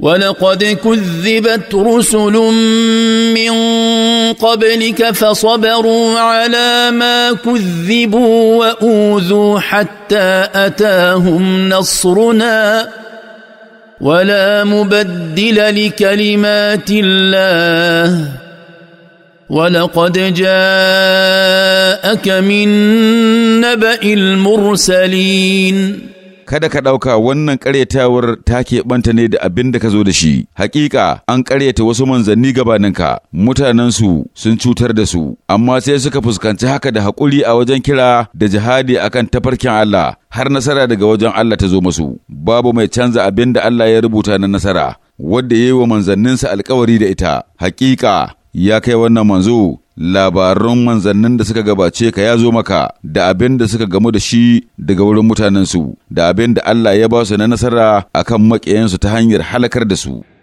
ولقد كذبت رسل من قبلك فصبروا على ما كذبوا واوذوا حتى اتاهم نصرنا ولا مبدل لكلمات الله ولقد جاءك من نبا المرسلين kada ka ɗauka wannan ƙaryatawar ta keɓanta ne da abin da ka zo da shi. Haƙiƙa, an ƙaryata wasu manzanni gabaninka, mutanensu sun cutar da su, amma sai suka fuskanci haka da haƙuri a wajen kira da jihadi akan tafarkin Allah har nasara daga wajen Allah ta zo masu. Babu mai canza abin da Allah ya rubuta na nasara, wadda ya yi wa manzanninsa alkawari da ita. Haƙiƙa, ya kai wannan manzo labarun manzannin da suka gabace ka ya zo maka da abin da suka gamu da shi daga wurin mutanensu da abin da Allah ya ba su na nasara akan maƙiyansu ta hanyar halakar da su.